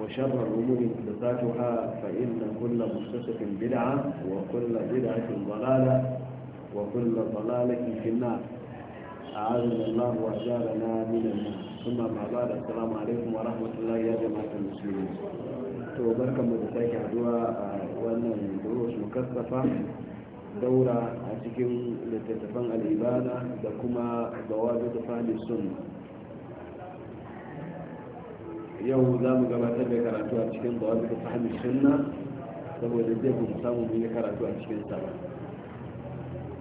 وشر الأمور محدثاتها فإن كل محدثة بدعة وكل بدعة ضلالة وكل ضلالة في النار أعاذنا الله وأجارنا من النار ثم مع بعد السلام عليكم ورحمة الله يا جماعة المسلمين to barkan mu da sake haduwa a wannan durush mukassafa daura a cikin littattafan yau za mu gabatar da karatu a cikin da wani fahimci sunna saboda zai mu samu mu yi karatu a cikin sa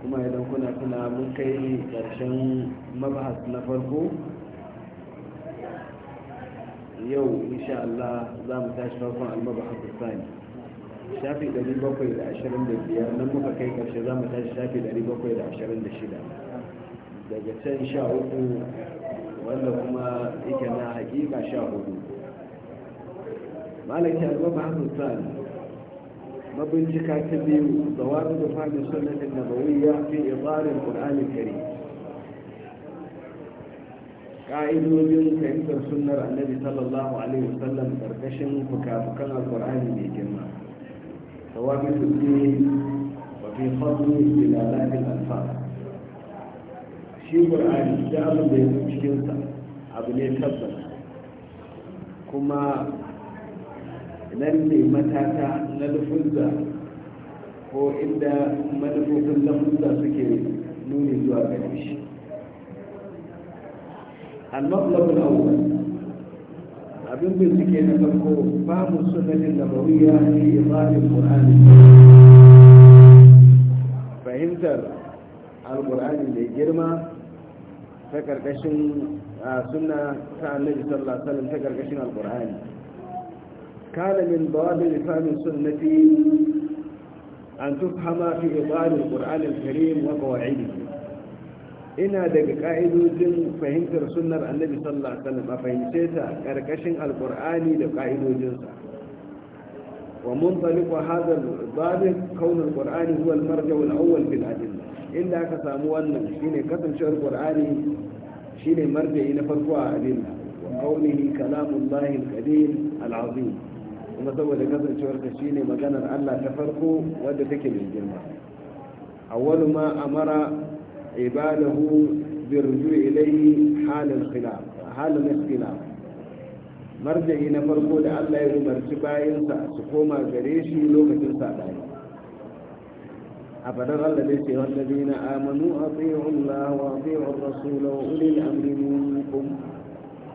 kuma idan kuna tuna mun kai karshen mabahas na farko yau insha Allah za mu tashi farkon almabahas sani shafi 725 nan muka kai ƙarshe za mu tashi shafi 726 daga can sha uku wanda kuma yake na hakika sha hudu malaki al-mabahatu tsari mabincika ta biyu da wani da fami sunnatin nabawiyya fi izarin qur'ani kare ka'idodin fahimtar sunnar annabi sallallahu alaihi wasallam karkashin fuka-fukan Alƙur'ani qurani mai girma ثوابت الدين fadu da دلالات الألفاظ shi ƙur'ani da abin da ya cikinsa abu ne tabbas kuma nan ne matata na lafuzza ko inda manufofin lafuzza suke nuni zuwa gare shi al-matlabul awwal abin bincike na farko babu sunnatin nabawiyya fi ibadatul qur'ani fahimtar alqur'ani da girma ta karkashin sunna ta annabi sallallahu alaihi wasallam ta karkashin Al-ƙur'ani. كان من باب لفهم السنة أن تفهم في إطار القرآن الكريم وقواعده إن هذا قائد جن فهمت رسولنا النبي صلى الله عليه وسلم فهمت سيسا كاركشن القرآن لقائد جن ومنطلق هذا الضابط كون القرآن هو المرجع الأول في الأدلة إلا كسامو أن شين كتن شعر القرآن شين مرجع نفقه أدلة وقوله كلام الله الكريم العظيم kuma saboda kasancewar shi shine maganar Allah ta farko wadda take mai girma awwalu ma amara ibadahu bi rujui ilayhi halal khilaf halal ikhtilaf na farko da Allah ya umarci bayansa su koma gare shi lokacin sabani a fadar Allah dai ce wallazina amanu ati'u Allah wa ati'u ar-rasul wa ulil amri minkum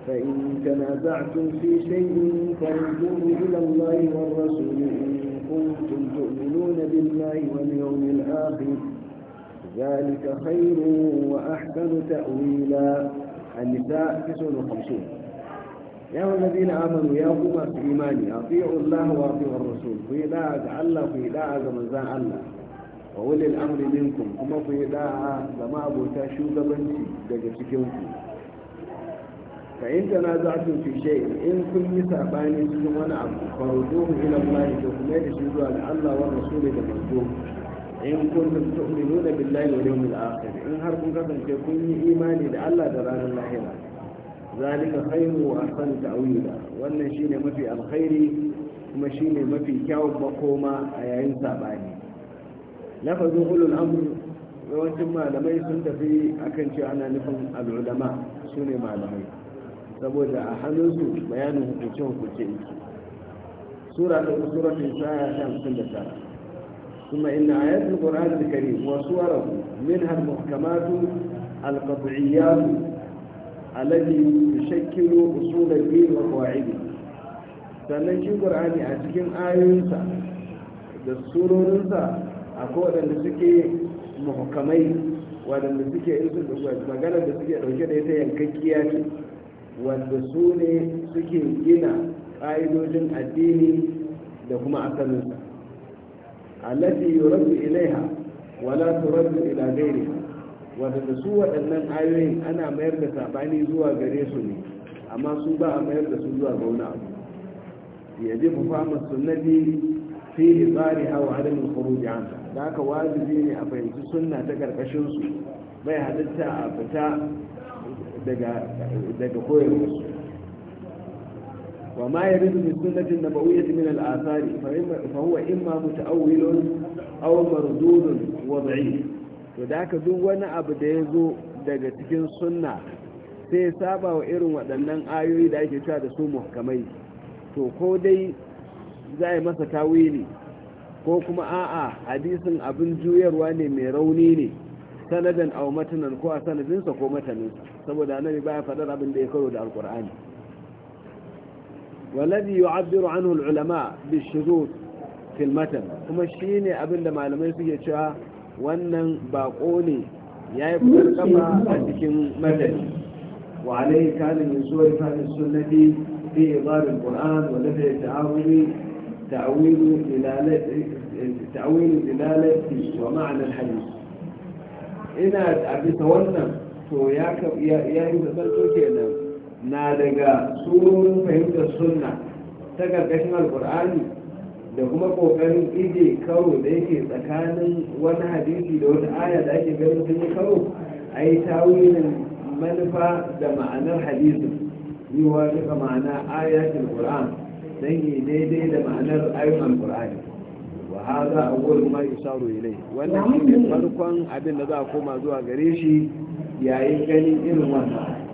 فإن تنازعتم في شيء فردوه إلى الله والرسول إن كنتم تؤمنون بالله واليوم الآخر ذلك خير وأحسن تأويلا النساء 59 يا الذين آمنوا يا قوم إيماني أطيعوا الله وأطيعوا الرسول في داعة الله في داعة زمزان الله وولي الأمر منكم وما في داعة لما أبو تاشو بنتي دجا سكيوكم fa in tana za fi shay in kun yi sabani cikin wani abu faruduhu ila Allah da kuma da shi zuwa ga Allah wa rasuli da manzo in kuntum tu'minuna billahi wal yawmil akhir in har kun kasance kun yi imani da Allah da ranar lahira zalika khairu wa ahsanu ta'wila wannan shine mafi alkhairi kuma shine mafi kyawun makoma a yayin sabani lafazin ulul amr yawancin malamai sun tafi akan cewa ana nufin al'ulama su ne malamai saboda a hannunsu bayanin hukunce-hukunce yake sura da sura ta isa ya sha mutum da tara kuma ina ayatul qur'an al-karim wa suwarahu min har muhkamat al-qat'iyyat allati tushakkilu usul ad-din wa qawa'idah sannan shi qur'ani a cikin ayoyinsa da surorinsa akwai da suke muhkamai wadanda suke da su magana da suke dauke da ita yankakkiya ne wanda su ne suke gina ƙa'idojin addini da kuma asalinsa allati yuraddu ilaiha wala turaddu ila ghairiha wanda su waɗannan ayoyin ana mayar da sabani zuwa gare su ne amma su ba a mayar da su zuwa ga wani abu yajibu fama sunnati fi izariha hawa adam al-khuruj an da haka wajibi ne a fahimci sunna ta karkashin su bai halitta a fita daga koyarwarsu وما يرد من سنة النبوية من الآثار فهو إما متأول أو مردود وضعيف وذاك duk wani abu da ya zo daga cikin sunna sai saba wa irin waɗannan ayoyi da ake cewa da su muhkamai to ko dai za a masa tawili ko kuma a'a hadisin abin juyarwa ne mai rauni ne sanadan aw matanan ko a sanadin sa ko matanin sa saboda annabi baya fadar abin da ya karo da alqur'ani waladhi yu'abbiru anhu alulama bishuzuz fil matan kuma shine abin da malamai suke cewa wannan bako ne yayi kama a cikin matan wa alayhi kana min suwar fa'il sunnati fi idar alquran wa nafi ta'awudi ta'awidu ilalati ila ilalati wa ma'na alhadith ina a bisa wannan to ya yi da zasanto kenan na daga tsoron fahimtar sunna ta ƙarƙashin alƙur'ani da kuma ƙoƙarin ije karo da yake tsakanin wani hadisi da wani aya da ake ganin sun yi karo a yi tawilin manufa da ma'anar hadisin yi wa duka ma'ana ayatul qur'an dan yi daidai da ma'anar ayyukan qur'ani haza awwal ma isaru ilai wannan shine farkon abin da za a koma zuwa gare shi yayin ganin irin wannan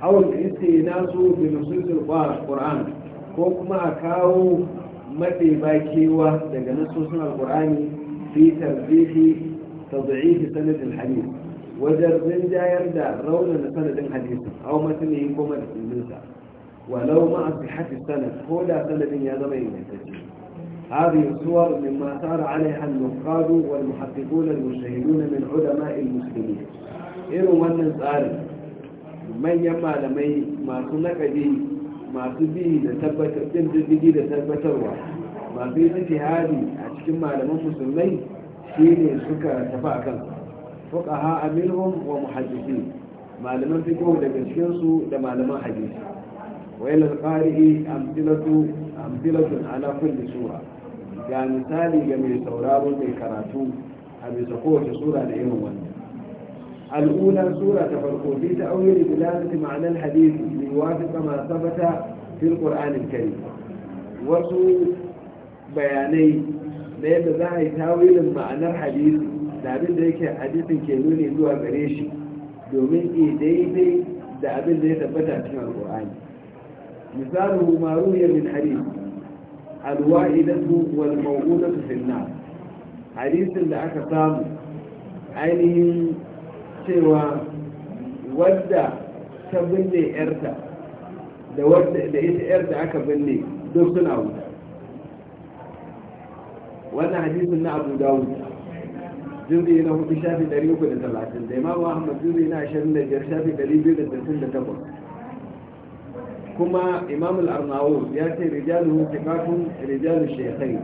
na istinasu bi nusul qur'an ko kuma a kawo maɗeba bakewa daga nasosin alkur'ani fi tarbihi tad'ihi sanadin hadith wajen rinjayar da raunin sanadin hadith aw matnihi ko matsinsa walau ma asihati sanad ko da sanadin ya zama ingantacce هذه الصور مما سار عليها النقاد والمحققون المجتهدون من علماء المسلمين irin wannan tsari manyan malamai masu nakadi masu bi da tabbatar din diddigi da tabbatarwa masu yi hali a cikin malaman musulmai shine suka tafi akan fuqaha aminhum wa muhaddisi malaman fiqh daga cikin su da malaman hadisi wa ila alqari'i amthilatu amthilatun ga misali ga mai sauraro mai karatu a bisa kowace sura da irin wannan al'ulan sura ta farko fi ta aure da lalata ma'anar hadisi ne wasu kama sabata fil qur'anin kari wasu bayanai na yadda za yi tawilin ma'anar hadisi da abin da yake hadisin ke nuni zuwa gare shi domin ke daidai da abin da ya tabbata cikin alqur'ani misalu Umaru ruya min hadisi alwa'idatu wal maw'udatu fil nar hadisin da aka samu ainihin cewa wadda ta binne yarta da wadda da ita yarta aka binne duk suna wuta wannan hadisin na Abu Dawud juzi na hudu shafi 330 da Imam Ahmad juzi na 25 shafi 268 kuma imam al-arnawu ya ce rijalu thiqatun rijalu Shekai,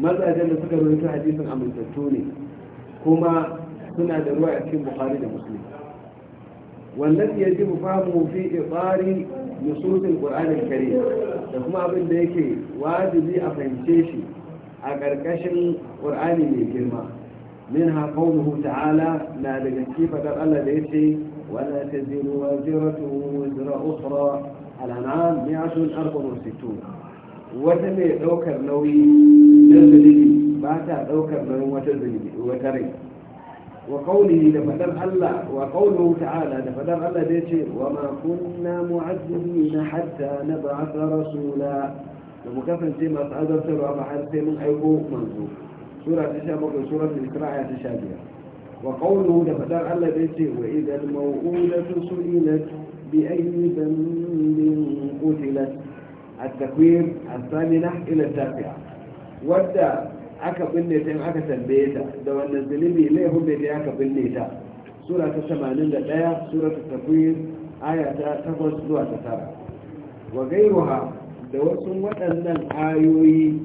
mazajen da suka rubuta hadisin amintattu ne kuma suna da ruwa a cikin bukhari da muslim wannan ya ji fahimu fi ibari nususin qur'anin karim da kuma abin da yake wajibi a fahimce shi a ƙarƙashin qur'ani mai girma min ha qawluhu ta'ala na daga cikin fadar Allah da yace wala taziru waziratu ukhra الأنعام مئة أربعة وستون وتم دوكر نوي جلدني بعد دوكر نوي وتري وقوله لفدر الله وقوله تعالى لفدر الله ديتي وما كنا معذبين حتى نبعث رسولا لما كفن سيما تعالى سيما أبحث سيما أيقو منزوف سورة تشابه من سورة الإكراع آية تشابه وقوله لفدر الله ديتي وإذا الموؤولة سئلت بأي ذنب قتلت التكوير الثامنة إلى التاسعة ودى aka binne ta in aka tambaye ta da wannan zunubi laifin bai da aka binne ta sura ta 81 sura ta takwir aya ta zuwa ta tara wa gairuha da wasu waɗannan ayoyi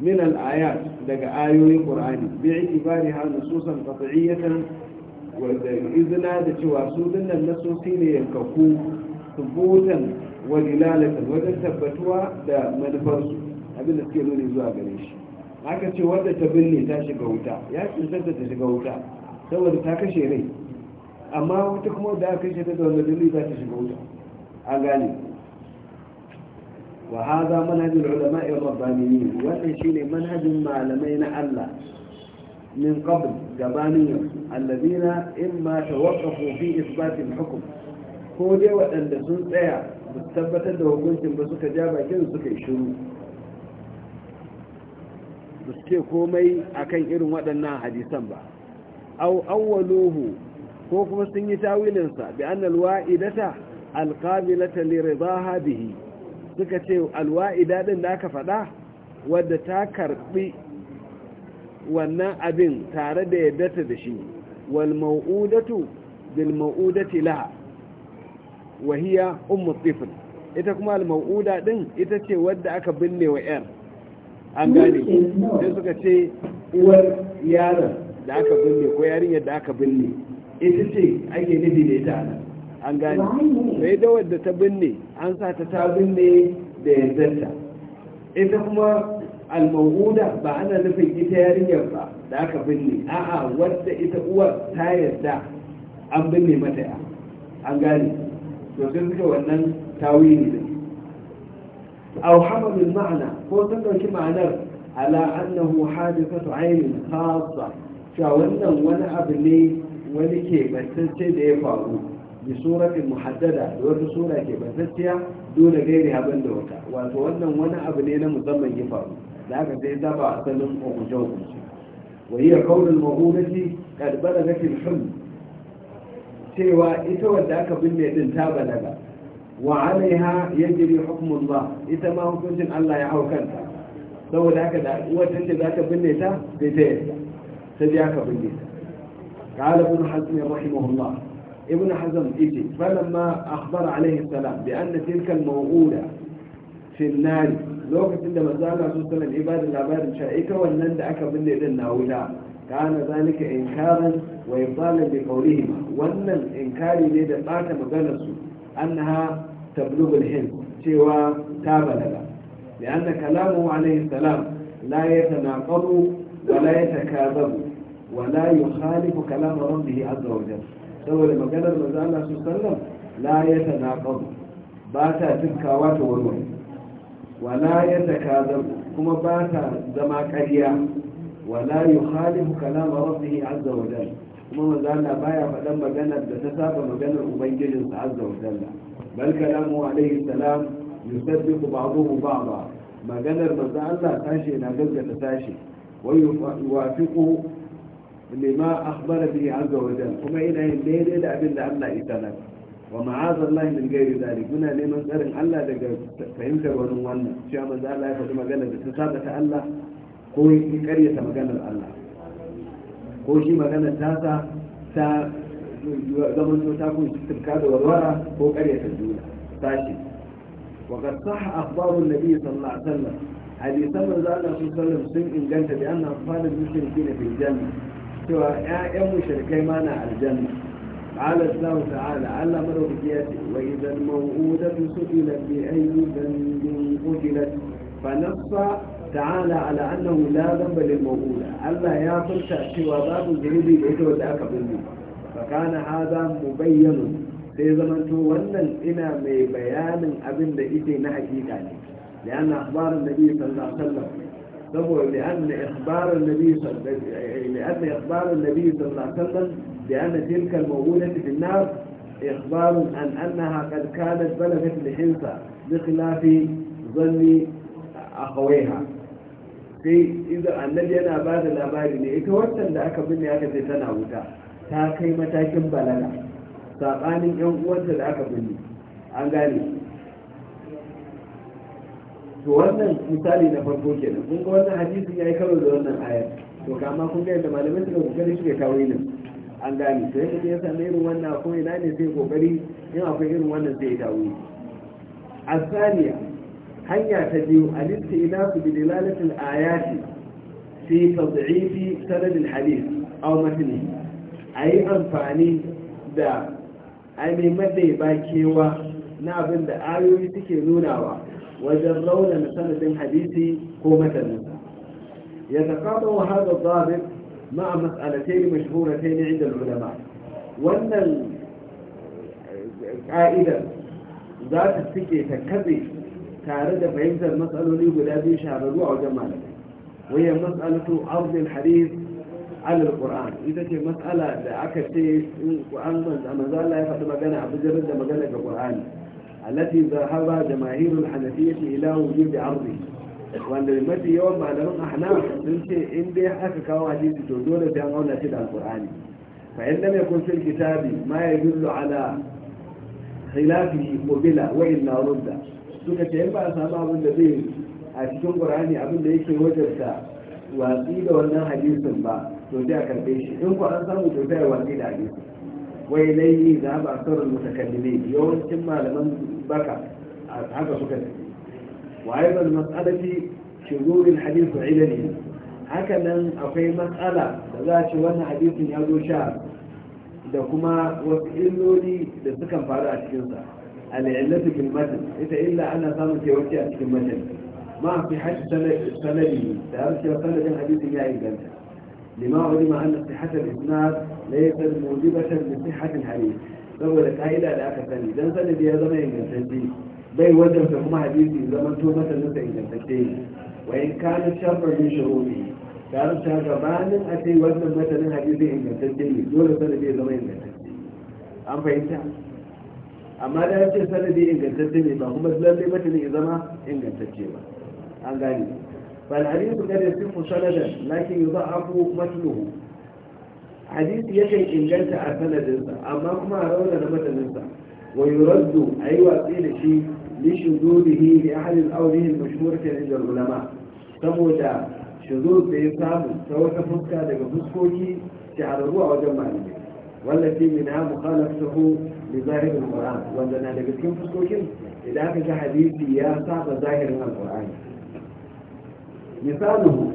min al-ayat daga ayoyin qur'ani bi itibari ha nususan qat'iyyatan wanda izina da cewa su dinnan nasosi ne yankaku subutan wa dilalatan wajen tabbatuwa da manufarsu abin da suke nuni zuwa gare shi aka ce wanda ta binne ta shiga wuta ya tsintarta ta shiga wuta saboda ta kashe rai amma wata kuma da aka kashe ta da wanda dalili za ta shiga wuta a gane wa hadha manhajul ulama'i rabbaniyin wannan shine manhajin malamai na Allah min qabl gabanin yanzu allazina imma tawaqqafu fi isbat al-hukm ko dai waɗanda sun tsaya ba tabbatar da hukuncin ba suka ja bakin suka yi shiru ba su ce komai akan irin waɗannan hadisan ba aw awwaluhu ko kuma sun yi tawilinsa bi annal wa'idata alqabilata li ridaha bihi suka ce alwa'ida din da aka faɗa wadda ta karɓi. wannan abin tare da yadda da shi wal mau'udatu bil mau'udati laha wa hiya ummu tifl ita kuma al mau'uda din ita ce wadda aka binne wa yar an gane sai suka ce uwar yaron da aka binne ko yarinyar da aka binne ita ce ake nufi da ita an gane sai da wadda ta binne an sa ta ta binne da yanzarta ita kuma alma'uda ba ana nufin ita yarinyar ba da aka binne a'a wadda ita uwar ta yarda an binne mata ya an gane to sun suka wannan tawili ne aw hamalul ma'ana ko sun dauki ma'anar ala annahu hadithatu ainin khassa cewa wannan wani abu ne wani ke da ya faru bi suratin muhaddada da wata sura ke bantacciya dole gairi haban da wata wato wannan wani abu ne na musamman ya faru da aka sai ta ba asalin hukunce hukunce wa hiya qawlul mahulati qad balagat al cewa ita wadda aka binne din ta balaga wa alaiha yajri hukmullah ita ma Allah ya hau kanta saboda haka da uwar za binne ta binne ta قال ابن حزم رحمه الله ابن حزم إجي فلما أخبر عليه السلام بأن تلك الموؤولة في النار لوقت عندما زال الله صلى العباد العباد شائكة والنند أكا من لإذن هؤلاء كان ذلك إنكارا وإبطالا بقولهما وأن الإنكار ليد قاتل مغنسه أنها تبلغ الهند سوى تاب لها لأن كلامه عليه السلام لا يتناقض ولا يتكاذب ولا يخالف كلام ربه عز وجل saboda maganar manzo Allah su sallam la naƙon ba ta tinkawa ta warware wala zama kuma ba ta zama ƙarya wala yukhalifu wasu yi azza wa jalla kuma manzo Allah baya faɗan maganar da ta saba maganar ubangijinsa azza wa da, bal kalamu alaihi salam yusabbiqu ba'dahu ba, maganar manzo Allah tashi na gaggata tashi wa yuwafiqu لما أخبر به عز وجل وما إلى الليل إلى أبن الله إتنا ومعاذ الله من غير ذلك هنا لمن إن الله لك فهمت ونوانا شاء من ذا الله يفضل مجانا بتسابة الله في كرية مجانا الله هو في مجانا تاسا تا زمن تاكو تبكاد والورا هو كرية الجولة تاشي وقد صح أخبار النبي صلى الله عليه وسلم حديثا من ذا الله صلى الله عليه وسلم سن إن جنت بأن أطفال المسلمين في الجنة cewa ƴaƴan mushrikai ma na aljanna qala Allah ta'ala Allah madaukaki ya ce wa idan maw'udatu su'ilat bi ayyi dhanbin qutilat fa nassa ta'ala ala annahu la dhanba lil maw'uda Allah ya furta cewa babu zunubi da ita wanda aka binne fa kana mu bayyana sai zamanto wannan ina mai bayanin abin da ita na hakika ne da yana akhbarin تقول يعني لأن إخبار النبي صلى الله عليه وسلم بأن تلك المؤونة في النار إخبار أن أنها قد كانت بلغت لحنسة بخلاف ظن أخويها في إذا النبي أنا بعد الأبادي إتوتا لأك مني أكثر تنعوتا تاكي متاكي بلغا تاقاني يوم وانت لأك مني أنقاني to wannan misali na farko kenan kun ga wannan hadisin yayi karo da wannan ayar to kama kun ga yadda malamai suka kokari suke kawo yin an gane to yadda ya san irin wannan ko ina ne sai kokari in akwai irin wannan sai ya A asaniya hanya ta biyu al su bi dilalati al-ayati fi tad'ifi sanad hadis aw matni ayi amfani da ai mai madai bakewa na abin da ayoyi suke nunawa wajen raunana sanadin قومة المسألة يتقاطع هذا الضابط مع مسألتين مشهورتين عند العلماء وأن القائدة ذات السكي تكذي تارد فهمت المسألة لي قلابي شهروا وجمالك وهي مسألة عرض الحديث على القرآن إذا كانت مسألة لأكد شيء وأنت أما ذا الله يفتح مجانا عبد الجرد في القرآن التي ذهب جماهير الحنفية إلى وجود aure. wanda mafi yawan malaman ahnaf sun ce in dai aka kawo hadisi to dole sai an auna shi da alqur'ani fa in lam kitabi ma yadullu ala khilafihi qubila wa illa rudda suka ce in ba a samu abin da zai a cikin kur'ani abin da yake wajarta watsi da wannan hadisin ba to sai a karbe shi in ko an samu to sai watsi da hadisin wai ilayhi da ba sarrul mutakallimin yawancin malaman بكى هذا سكت وأيضا مسألة شذور الحديث وعلله hakanan akwai matsala da za a ce wannan hadisin ya zo sha da kuma wasu illoli da sukan faru a cikinsa al'illatu bil matan ita illa ana samun kewace a cikin matan ma fi hashi sanadi da har cewa sanadin hadisin ya inganta lima ulima anna sihhatul isnad laysa mujibatan li sihhatil hadith saboda ka'ida da aka sani don sanadi ya zama ingantacce bai wajen ta kuma hadisi zaman to mata nuka ingantacce ne wa in shafar mai shurubi ta ta gabanin a ce wannan matanin hadisi ingantacce ne dole sanadi ya zama ingantacce an fahimta amma da ya ce sanadi ingantacce ne ba kuma lallai matanin ya zama ingantacce ba an gane فالحديث قد يتم سندا لكن يضعف متنه hadisi kan inganta a sanadinsa amma kuma a rauna na matanansa wa yuraddu a yi watsi da shi li shuzudihi li ahalin aurihin mashhur kan ulama saboda shuzud da ya samu ta wata fuska daga fuskoki shahararru a wajen malamai wallafi min ha mukhalafatuhu li zahirin qur'an wanda na daga cikin fuskokin idan aka ga hadisi ya saba zahirin alqur'ani misaluhu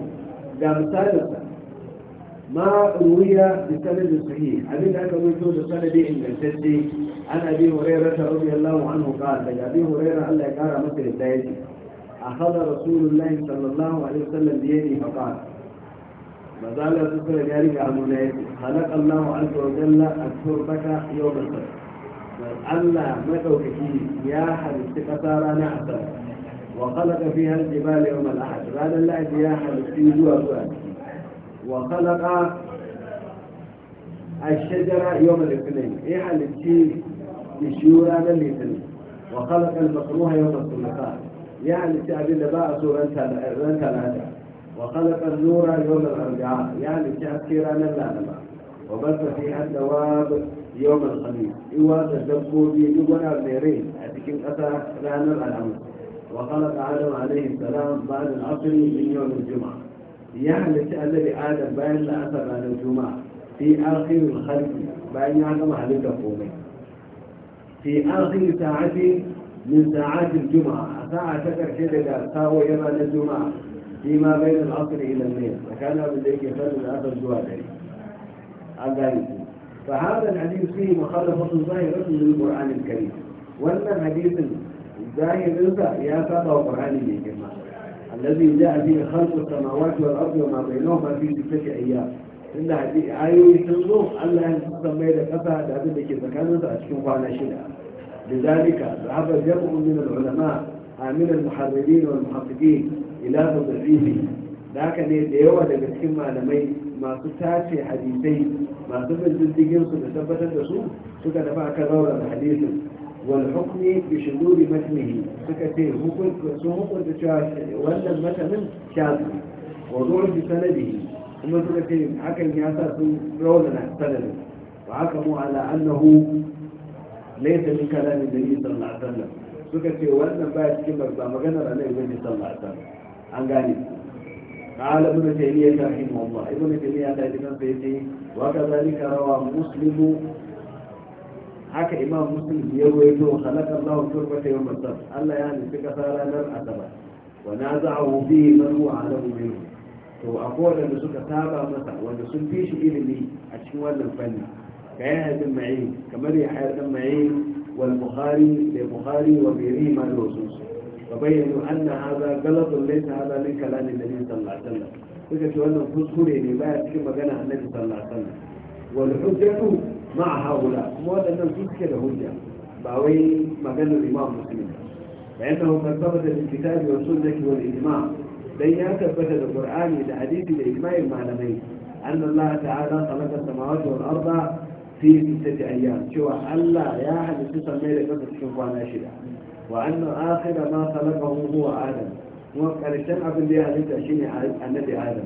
ga misalinsa ما روي بسند صحيح أبي ذاك ويتو بسند إنجلتسي عن أبي هريرة رضي الله عنه قال لك أبي هريرة ألا يقارى مثل الدائج أخذ رسول الله صلى الله عليه وسلم بيدي فقال ما زال تذكر ذلك عن ولايته خلق الله عز وجل التربة يوم السبت ألا مدوكه يا حدث قطارانا أسر وخلق فيها الجبال يوم الأحد هذا الله يا حدث في جوا وخلق الشجرة يوم الاثنين إيه الشيء الشيورة من الاثنين وخلق المكروه يوم الثلاثاء يعني تعب اللي بقى سورتها رنتها وخلق النور يوم الأربعاء يعني تعب كيران اللعنة وبث فيها الدواب يوم الخميس إيوان الدبوبي بيدوبنا بيرين أتكين أتى لا الأمس وخلق آدم عليه السلام بعد العصر من يوم الجمعة يعني الذي آدم بين لا أثر على الجمعة في آخر الخلق بين عدم هلك قومه في آخر ساعة من ساعات الجمعة ساعة شكر شدد ساوى يما للجمعة فيما بين العصر إلى الليل فكان أبو ذيك يفل الآخر جوادري الغريب فهذا الحديث فيه مخالفة ظاهرة للقرآن الكريم وأن الحديث ظاهر إذا يا فاطمة القرآن اللي الذي جاء فيه خلق السماوات والأرض وما بينهما في ستة أيام إن هذه اي تنظر ألا أن تسمى إذا كفى هذا ذلك إذا كان تشوف على شيء لذلك ذهب جمع من العلماء آه، من المحررين والمحققين إلى مضعيه لكن يدعوا لك كما لمي ما تساعد في حديثين ما تفل تنتقل في الثبتة تسوه سكت فاك دورا والحكم بشذوذ متنه فكثير hukunta cewa wannan matanin shazu wa zuwa bi sanadihi kuma suka ce hakan ya sa sun raunana sanadin wa haka mu ala annahu laysa min kalamin nabi sallallahu alaihi wasallam suka ce wannan cikin ba maganar annabi bane sallallahu an gane قال ابن تيمية رحمه الله ابن تيمية لا يتكلم وكذلك روى مسلم haka imam muslim ya rawaito khalaqa Allahu turbata yawm al-sabt Allah ya nufi kasa ranar asabar wa naza'u fi man a alamu minhu to akwai wanda suka saba masa wanda sun fi shi ilimi a cikin wannan fanni ga kayan hadin ma'in kamar ya hayar dan ma'in wal bukhari da bukhari wa biri ma da wasu ba bayyana anna hadha ghalatun laysa hadha min kalamin nabi sallallahu alaihi wasallam kuka ce wannan kuskure ne baya cikin magana annabi sallallahu alaihi wasallam والحجة مع هؤلاء وهذا أنه كده هجة باوي مجال الإمام مسلم لأنه قد ثبت في الكتاب والسنة والإجماع بين ثبت القرآن والحديث لإجماع المعلمين أن الله تعالى خلق السماوات والأرض في ستة أيام شو ألا يا أحد تصل ليلة قبل تشوفها أنا شدة وأن آخر ما خلقه هو آدم وقال الشمع بالله أنت شيني النبي آدم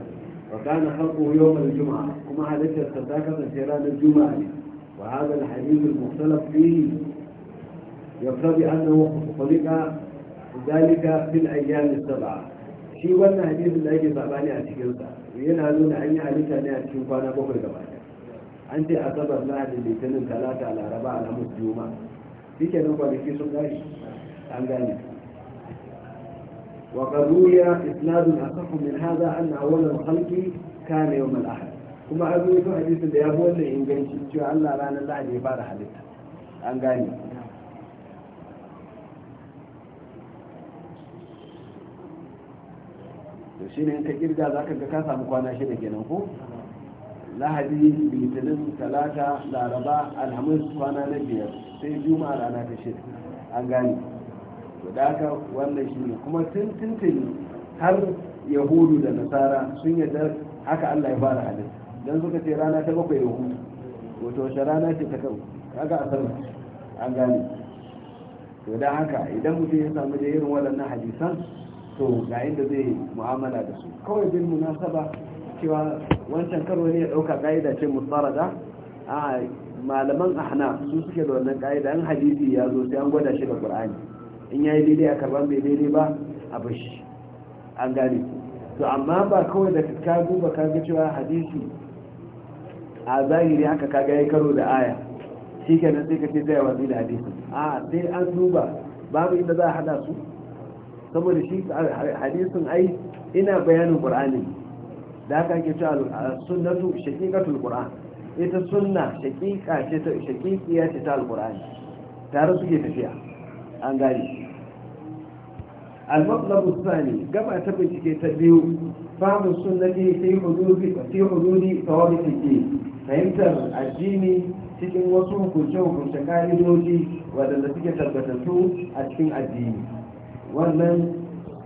وكان خلقه يوم الجمعة وما عليك الصداقة سيران الجمعة وهذا الحديث المختلف فيه يقتضي أنه خلق ذلك في الأيام السبعة شيء ولا حديث الأيام السبعة أني أتكلم وين هذا أني عليك أني أتكلم فأنا بكرة بعد أنت أعتبر لا أحد اللي ثلاثة على أربعة على مجموعة في كذا قال في سؤال عن وقد روي اسناد اصح من هذا ان اول الخلق كان يوم الاحد كما في حديث ده يابو تشو الله الله to ne ka kirga za ka ga ka samu kwana shida kenan ko lahadi litinin talata laraba alhamis kwana na biyar sai juma'a rana ta shida an gani to da haka wannan shi ne kuma tun tuntuni har yahudu da nasara sun yarda haka allah ya fara halitta don suka ce rana ta bakwai yahudu wato wace rana ce ta kan kaga asabar an gane to da haka idan mutum ya samu da irin waɗannan hadisan to ga inda zai mu'amala da su kawai bin munasaba cewa wancan karo ne ya ɗauka ƙa'ida ce da. a malaman ahna su suke da wannan ƙa'ida an hadisi ya zo sai an gwada shi da ƙur'ani. in ya yi daidai a karban bai daidai ba a bashi an gane to amma ba kawai da ka duba ka ga cewa hadisi a zahiri haka ka ga ya karo da aya shi kenan sai ka ce zai watsi da hadisi a sai an duba babu inda za a hada su saboda shi hadisin ai ina bayanin qur'ani da haka ake cewa sunnatu shaqiqatul qur'an ita sunna shaqiqa ce ta shaqiqiya ce ta alqur'ani tare suke tafiya an gane المطلب الثاني كما ta biyu فهم السنة في sai في حدود ثوابت الدين fahimtar addini cikin wasu hukunce-hukunce ka'idoji waɗanda suke tabbatattu a cikin addini wannan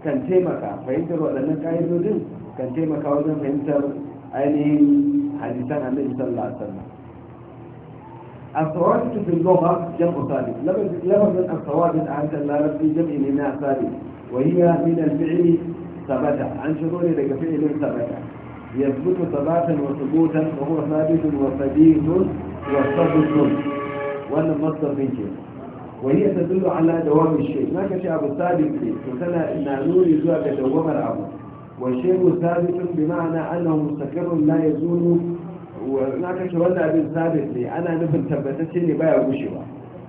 kan taimaka fahimtar waɗannan ka'idojin kan taimaka wajen fahimtar ainihin hadisan annabi sallallahu alaihi wasallam الثوابت في اللغة جمع ثابت لفظ الثوابت عن في جمع لنا ثابت وهي من الفعل ثبت عن شرور لك فعل ثبت يثبت ثباتا وثبوتا وهو ثابت وثبيت وثبت وانا مصدر من شيء وهي تدل على دوام الشيء ما كشي أبو ثابت لي وكلا إن نور يزوى كدوام العبد والشيء ثابت بمعنى أنه مستقر لا يزول na kashe wannan abin sabis ne ana nufin tabbatacce ne baya gushewa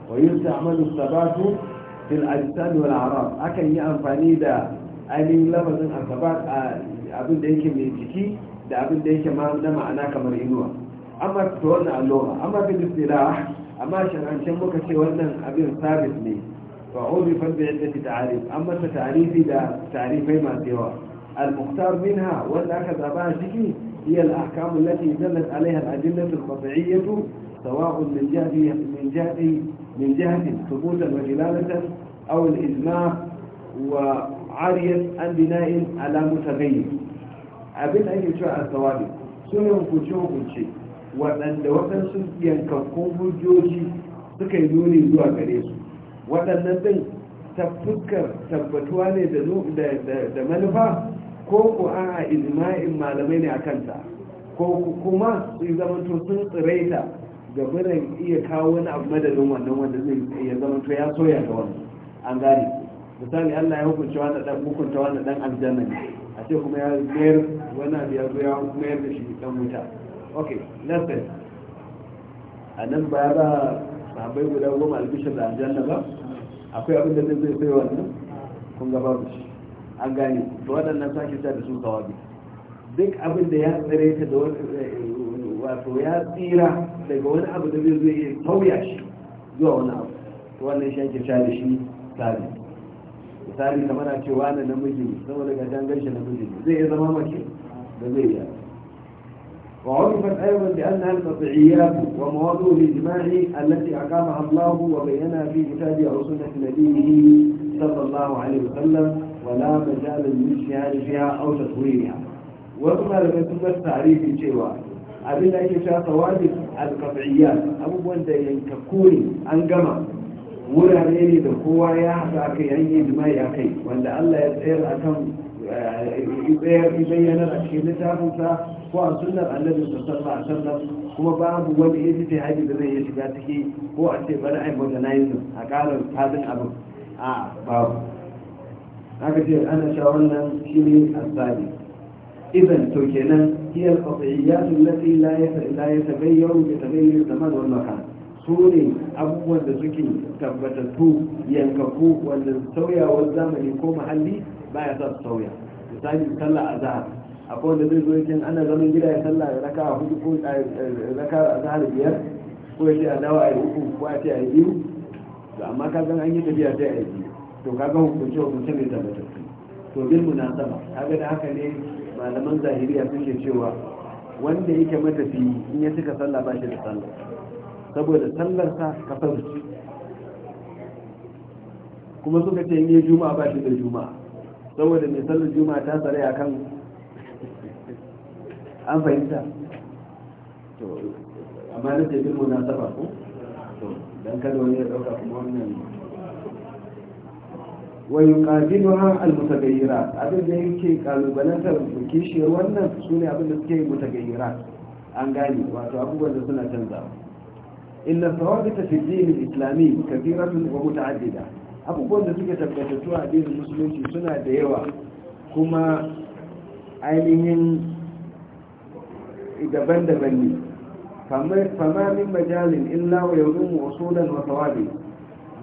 wa yusa amalu sabatu fil ajsad wal a'rab akan yi amfani da ainihin lafazin asabat a abin da yake mai jiki da abin da yake ma na ma'ana kamar inuwa amma to wannan allura amma bil da amma shar'ancen muka ce wannan abin sabis ne fa ubi yadda bi'idda ta'arif amma ta ta'rifi da ta'rifai masu yawa المختار منها والأخذ أباها شكي هي الأحكام التي دلت عليها الأدلة القطعية سواء من جهة من جهة من جهة ثبوتا ودلالة أو الإجماع وعارية عن بناء على متغير abin ake cewa a tsawabi sun hukunce-hukunce waɗanda waɗansu yankakkun hujjoji suka yi nuni zuwa gare su waɗannan ɗin tabbatuwa ne da manufa ko ku a ijma'in malamai ne a kanta ko kuma su to sun tsiraita ga birin iya kawo wani abu madadin wannan wanda zai ya to ya soya ga wani an gane misali allah ya hukunta wani dan hukunta wani dan aljanna ne a ce kuma ya mayar wani abu ya zo ya mayar da shi dan wuta ok nasir a nan ba ya ba sahabbai guda goma albishir da aljanna ba akwai abin da zai sai wannan kun gaba da shi an gani to waɗannan sashi sa da su tawabi duk abin da ya tsere ta da wato ya tsira daga wani abu da zai zai tauya shi zuwa wani abu to wannan shi ake sha da shi tabi misali kamar a cewa na namiji ne saboda ga dangar shi namiji ne zai iya zama mace da zai iya وعرفت أيضا بأنها القطعيات ومواضع الإجماع التي أقامها الله وبينها في كتابه وسنة نبيه صلى الله عليه وسلم wala majalan min shihari fiha aw taswiriha wasu malamai sun bar tarihi cewa abin da ake shafa wajib abubuwan da yanka ne an gama wurare ne da kowa ya haka a kai an yi jima'i a kai wanda Allah ya tsayar a kan tsayar bayyanar a cikin littafinsa ko a sunnar annabi sallallahu alaihi wasallam kuma babu wani ijiti haji da zai ya shiga ciki ko a ce bari ai modernizing a ƙarar fadin abin a babu aka ce ana sha wannan shi ne asali idan to kenan ta bai allati ke ta bai bi zama zaman wani makan su ne abubuwan da suke tabbatattu yankaku wanda sauyawar zamani ko mahalli ya sa su sauya misali sallah azhar akwai wanda zai zo yakin ana zaman gida ya sallah raka hudu ko raka azhar biyar ko ya ce a dawa a yi uku ko a ce a yi biyu amma ka san an yi tafiya sai a yi biyu to kaga hukunce hukunce mai tabbatattu to na munasaba kaga da haka ne malaman zahiriya suke cewa wanda yake matafi in ya cika sallah ba shi da sallah saboda sallar sa ka kafar kuma suka ce in yi juma'a ba shi da juma'a saboda mai sallar juma'a ta tsare a kan an fahimta amma na ce na munasaba ko don kada wani ya dauka kuma wannan wa yuqabiluha almutaghayyirat abin da yake kalubalantar kishiyar wannan su ne abin da suke mutaghayyirat an gane wato abubuwan da suna canza. canzawa illa thawabita fi din al-islami kathiratun wa muta'addida abubuwan da suke tabbatattu a addinin musulunci suna da yawa kuma ainihin daban-daban ne fama min majalin illa wa yawmin usulan wa thawabi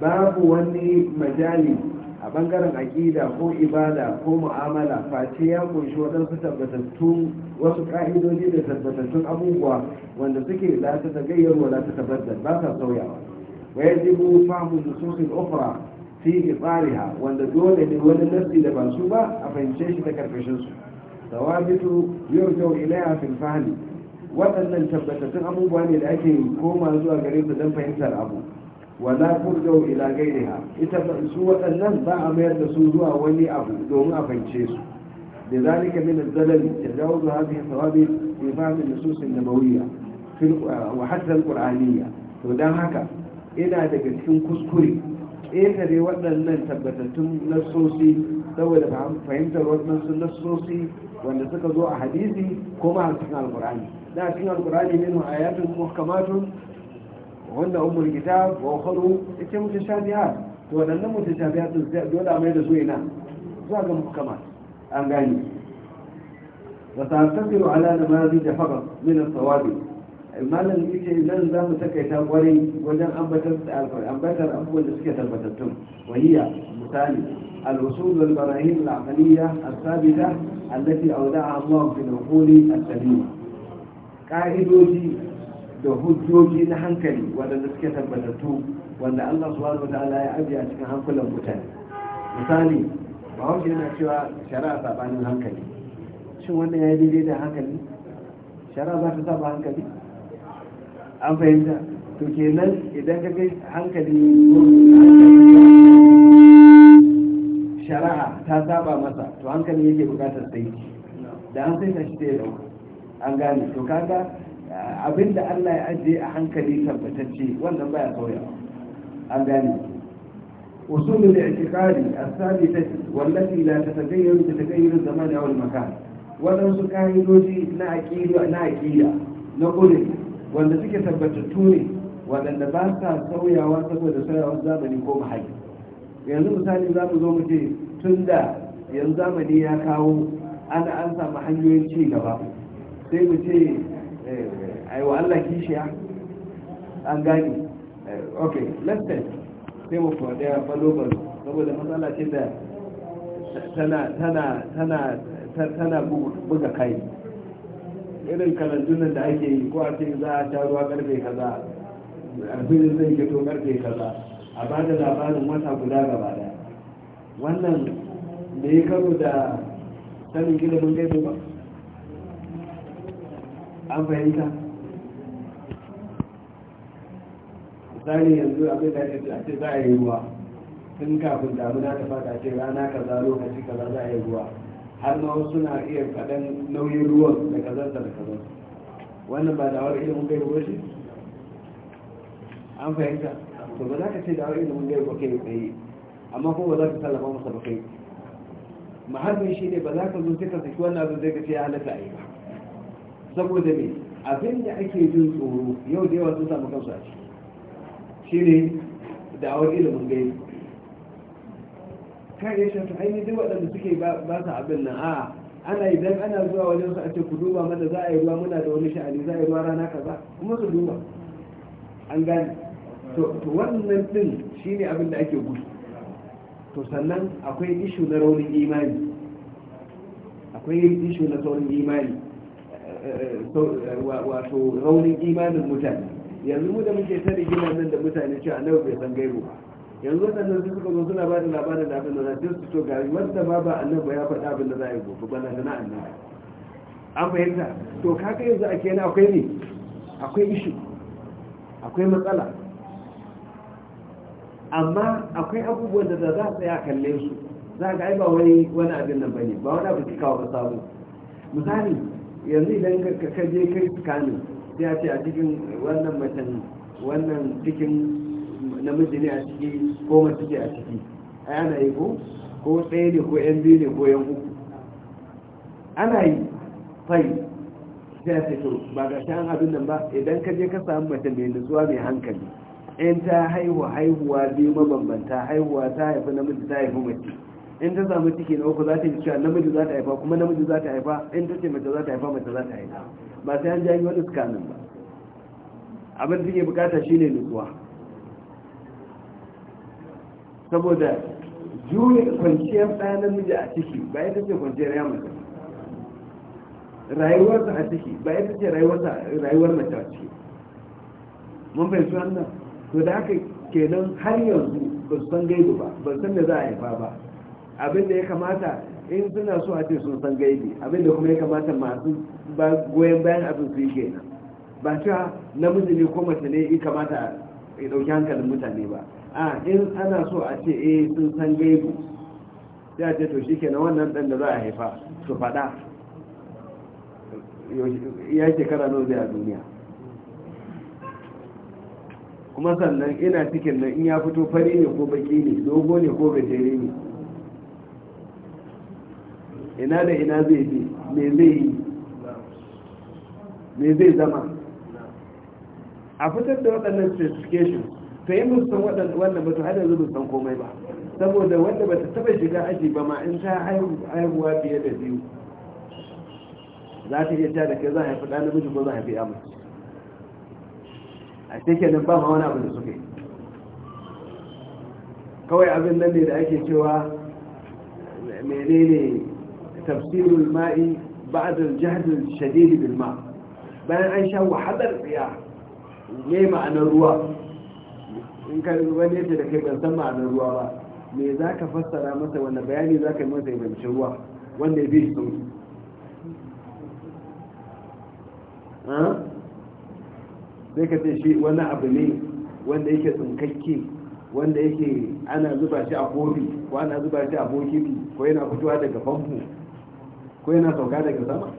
babu wani majalin. a bangaren aƙida ko ibada ko mu'amala face ya kunshi waɗansu tabbatattun wasu ƙa'idodi da tabbatattun abubuwa wanda suke la ta tagayyar wa la ta tabbatar ba sa sauyawa wa yajibu fahmu nususil ukhra fi itsariha wanda dole ne wani nafsi da ba su ba a fahimce shi ta karkashin su thawabitu kyau ilaiha fil fahmi waɗannan tabbatattun abubuwa ne da ake koma zuwa gare su don fahimtar abu wala turjau ila gairiha ita su waɗannan ba a mayar da su zuwa wani abu domin a fance su da zalika min az-zalal tajawuzu hadhihi thawabi fi fahm an-nusus an-nabawiyya wa hatta al-qur'aniyya to dan haka ina daga cikin kuskure ƙetare waɗannan tabbatattun nassosi saboda fahimtar waɗansu nassosi wanda suka zo a hadisi ko ma a cikin alkurani da cikin alkurani min ayatun muhkamatun wanda umul kitab wa ukharu ita mutashabihat to wadannan mutashabihat dole a mai da su ina zuwa ga muhkamat an gane wa ta'tasiru ala namadij faqat min as-sawabi malam yace nan za mu takaita kwarai wajen ambatar ambatar abubuwan da suke tabbatattun wahiya misali الوصول والبراهين العقلية الثابتة التي أودعها الله في العقول السليمة قاعدة da hujjoji na hankali wadanda suke tabbatattu wanda Allah subhanahu wataala ya ajiye a cikin hankulan mutane misali bahaushe yana cewa shari'a sabanin hankali shin wannan ya yi daidai da hankali shari'a za ta saba hankali an fahimta to kenan idan ka kai hankali shari'a ta saba masa to hankali yake bukatar sai da an sai ka shi ta an gane to kaga abinda Allah ya ajiye a hankali tabbatacce wannan baya sauyawa an gane usul al-i'tiqadi as-sabita wallati la tatagayyaru bi tagayyur az-zaman aw al-makan wadansu kaidoji na aqida na aqida na kulli wanda suke tabbatattu ne wadanda ba sa sauyawa saboda sauyawar zamani ko mahalli yanzu misali za mu zo mu ce tun da yanzu zamani ya kawo ana an samu hanyoyin ci gaba sai mu ce eh, ai Allah kishiya an gani Ok, let's sai mu kuma daya balo saboda matsala ce da tana tana tana tana buga kai irin kalandunan da ake yi ko a ce za a sha ruwa karfe kaza alfilin zai fito karfe kaza a ba da labarin wata guda gaba wannan da ya karo da sanin ilimin gaisu ba an fahimta misali yanzu abin da ya ce za a yi ruwa tun kafin damuna ta fata ce rana kaza lokaci kaza za a yi ruwa har na wasu na iya faɗan nauyin ruwan da kaza da kaza wannan ba dawar ilimin mun ba shi an fahimta to ba za ka ce dawar ilimin mun ba kai tsaye amma kuma ba za ka sallama masa ba kai mahallin shi ne ba za ka zo sai ka saki wannan abin zai ka ce ya halatta a yi ba saboda me abin da ake jin tsoro yau da yawa sun samu kansu a ciki shine da'awar ilimin gai kan ya shafi ainihin duk waɗanda suke ba su abin nan a ana idan ana zuwa wajen su a ce ku duba mana za a yi ruwa muna da wani sha'ani za a yi ruwa rana kaza kuma su duba an gane to wannan din shine abin da ake gudu to sannan akwai ishu na raunin imani akwai ishu na saurin imani eh, eh, eh, wato raunin imanin mutane yanzu mu da muke ta rigima nan da mutane cewa annabi bai san gaibu ba yanzu waɗannan su suka zo suna bada labarin da abin da za su to ga wanda ma ba annabi ba ya faɗa abin da za a yi gobe ba nan na annabi an fahimta to kaka yanzu a kenan akwai ne akwai ishi akwai matsala amma akwai abubuwan da za a tsaya kalle su za ga ai ba wani wani abin nan bane ba wani abu kawo ba samu misali yanzu idan ka je kai tsakanin sai a ce a cikin wannan macen wannan cikin namiji ne a ciki ko matuki a ciki a yana yi ko ko tsaye ne ko yan biyu ne ko yan uku ana yi fai sai a ce to ba ga shan abin nan ba idan ka je ka samu mace mai nutsuwa mai hankali in ta haihuwa haihuwa biyu mabambanta haihuwa ta haifi namiji ta haifi mace in ta samu ciki na uku za ta yi cewa namiji za ta haifa kuma namiji za ta haifa in ta ce mace za ta haifa mace za ta haifa ba sai an jayi wani nan ba abin da ke bukata shine nutsuwa saboda juye kwanciyar ɗaya miji a ciki ba ita ce kwanciyar ya mace rayuwarsa a ciki ba ita ce rayuwar mace a ciki mun fahimci wannan to da haka kenan har yanzu ba su san gaibu ba ba san da za a haifa ba abin da ya kamata in suna so a ce sun san gaibi abinda kuma ya kamata masu goyon bayan abin su yi kenan ba cewa namiji ne ko mace ne ya kamata ya ɗauki hankalin mutane ba a in ana so a ce eh sun san gaibi sai a ce to shi kenan wannan ɗan da za a haifa su faɗa ya shekara nawa zai a duniya kuma sannan ina cikin nan in ya fito fari ne ko baki ne dogo ne ko gajere ne ina da ina zai je me zai yi me zai zama a fitar da waɗannan specification ta yi musan wanda ba ta haɗa zubin san komai ba saboda wanda ba ta taba shiga aji ba ma in ta haihuwa fiye da biyu za ta iya ta da kai za a haifi ɗan namiji ko za a haifi yamma a cikin nan ba ma wani abu da suke kawai abin nan ne da ake cewa menene تفسير الماء بعد الجهد الشديد بالماء bayan an sha wahalar tsiya ne ma'anar ruwa in ka wani yace da kai ban san ma'anar ruwa ba me za ka fassara masa wanda bayani za ka yi masa ibanci ruwa wanda ya bi shi sauki sai ka shi wani abu ne wanda yake tsinkakke wanda yake ana zuba shi a kofi ko ana shi a bokiti ko yana fitowa daga famfo ko yana sauka daga sama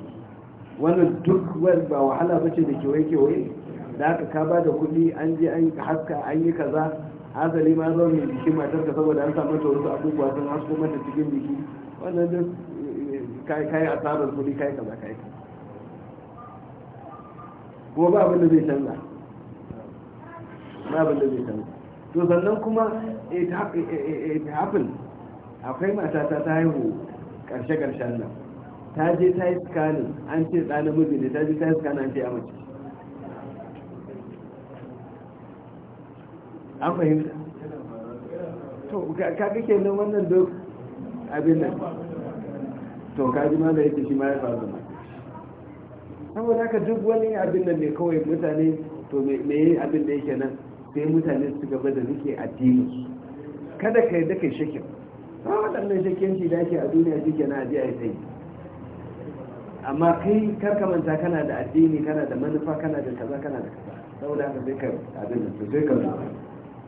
wannan duk ba wahala ba ce da kewaye-kewaye da aka ka ba da kuɗi an je an haska an yi kaza asali ma zo mai jiki matar ka saboda an samu ta wasu abubuwa sun hasko mata cikin jiki wannan duk kai kai asarar kuɗi kai kaza kai kuma ba abin da zai canza ba abin da zai canza to sannan kuma it happened akwai matata ta haihu karshe-karshen nan ta je ta yi scanning an ce tsana namiji ne ta je ta yi scanning an ce amince an fahimta to ka kake nan wannan duk abin nan to ka ji ma da yake shi ma ya faru ma saboda haka duk wani abin nan ne kawai mutane to me yi abin da yake nan sai mutane su gaba da rike addini kada ka yi da kai shakin ba waɗannan shakin shi da ake a duniya shi ke na ajiya ya sai amma kai kar ka manta kana da addini kana da manufa kana da kaza kana da kaza saboda haka sai ka abin da to sai ka zuwa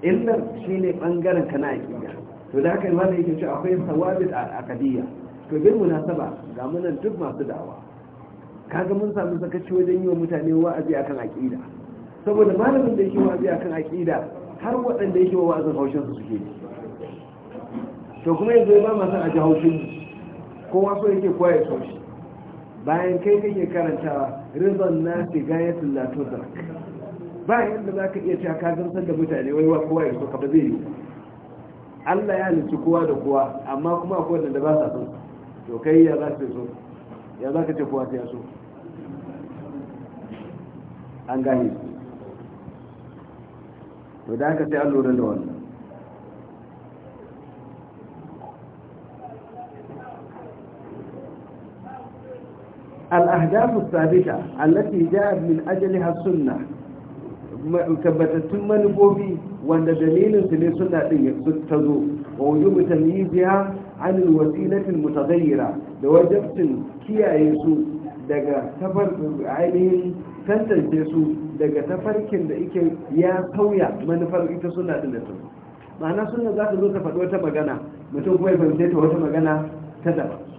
illar shine bangaren kana aqida to da haka wanda yake cewa akwai sawabit aqidiyya to bil munasaba ga munan duk masu da'awa kaga mun samu sakaci wajen yi wa mutane wa'azi akan aqida saboda malamin da yake wa'azi akan aqida har waɗanda yake wa wa'azin haushin su suke to kuma yanzu ba ma san a ji haushin kowa so yake koya ya saushi bayan kai kake karantawa rizon na fi gayatul la tudrak bayan da ka iya cewa ka gamsar da mutane wai wa kowa yanzu ka ba zai yi Allah ya halicci kowa da kowa amma kuma akwai wanda ba sa so to kai ya za su so ya za ka ce kowa sai so an gani to da haka sai an lura da wannan الأهداف الثابتة التي جاءت من أجلها السنة tabbatattun manufofi wanda dalilinsu ne suna ɗin ta zo wa wujubu tamyiziha an alwasilatin mutaghayyira da wajibcin kiyaye su daga tafar ainihin tantance su daga tafarkin da yake ya sauya manufar ita suna ɗin da ta ma'ana suna za ta zo ta faɗi wata magana mutum kuma ya fahimce ta wata magana ta daban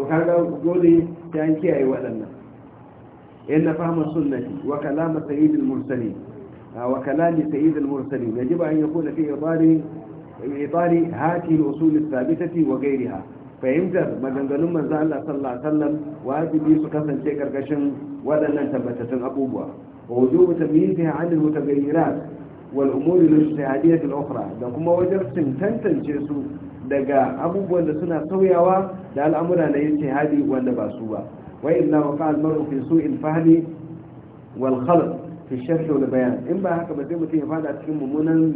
to kaga dole ta an kiyaye waɗannan inna fahma sunnati wa kalam sayyid al-mursalin wa kalam sayyid al-mursalin yajibu an yakuna fi ibari ibari hati al-usul al-thabitati wa ghayriha fahimtar maganganun manzo Allah sallallahu alaihi wasallam wajibi su kasance karkashin waɗannan tabbatattun abubuwa wa wujubu tamyiziha 'an al-mutaghayyirat wal umuri al-ijtihadiyyah al-ukhra da kuma wajen tantance su daga abubuwan da suna sauyawa da al'amura na yin jihadi wanda ba su ba wa inna wa qa'al mar'u fi su'il fahmi wal khalq fi sharh wal bayan in ba haka ba sai mutum ya fada cikin mummunan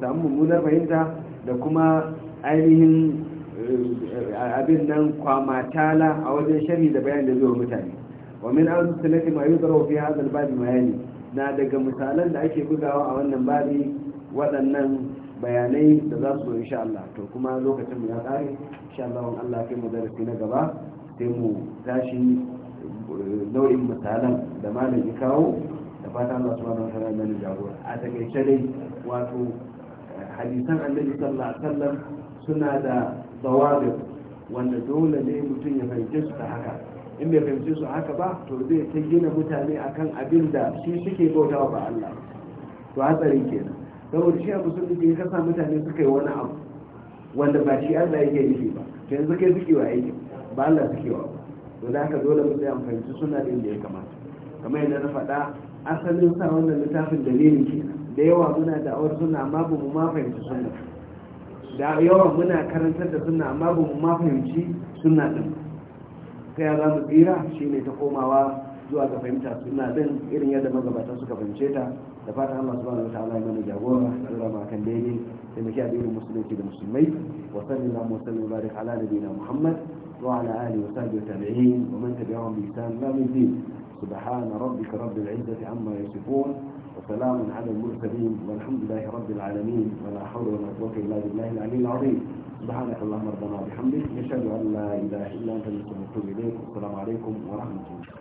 samu mummunar fahimta da kuma ainihin eh, abin nan kwamatala a wajen sharhi da bayan da zuwa mutane wa min al-sunnati ma yudaru fi hadha al-bab ma yani na daga misalan da ake bugawa a wannan babi waɗannan bayanai da za su insha Allah to kuma lokacin mu ya kare insha Allah wani Allah kai mu darasi na gaba sai mu tashi nau'in misalan da malam ya kawo da fata Allah subhanahu wa ta'ala mana jagora a takaice dai wato hadisan annabi sallallahu alaihi wasallam suna da zawabir wanda dole ne mutum ya fahimce su ta haka in bai fahimce su haka ba to zai ta gina mutane akan abin da shi suke bautawa ba Allah to hatsarin kenan saboda shi abu sun suke kasa mutane suka yi wani abu wanda ba shi allah yake nufi ba to yanzu kai suke wa aiki ba allah suke wa ba to da haka dole mu tsaya amfani suna din da ya kamata kamar yadda na faɗa asalin sa wannan littafin dalilin ke da yawa muna da'awar suna amma ba mu ma fahimci suna da yawa muna karantar da suna amma ba mu ma fahimci suna ɗin Sai ya za mu tsira shine ta komawa zuwa ga fahimta suna din irin yadda magabata suka fahimce ta da fata Allah subhanahu wa ta'ala ya mana jagora da rama kan daidai da muke irin musulunci da musulmai wa sallallahu wa sallam barik ala nabiyina Muhammad wa ala alihi wa sahbihi tabi'in wa man tabi'ahum bi ihsan ila yawm الدين سبحان wa salamun العزة عما يصفون وسلام على المرسلين والحمد لله رب العالمين ولا حول ولا قوة إلا بالله العلي العظيم سبحانك اللهم ربنا وبحمدك نشهد أن لا إله إلا أنت نستغفرك ونتوب إليك السلام عليكم ورحمة الله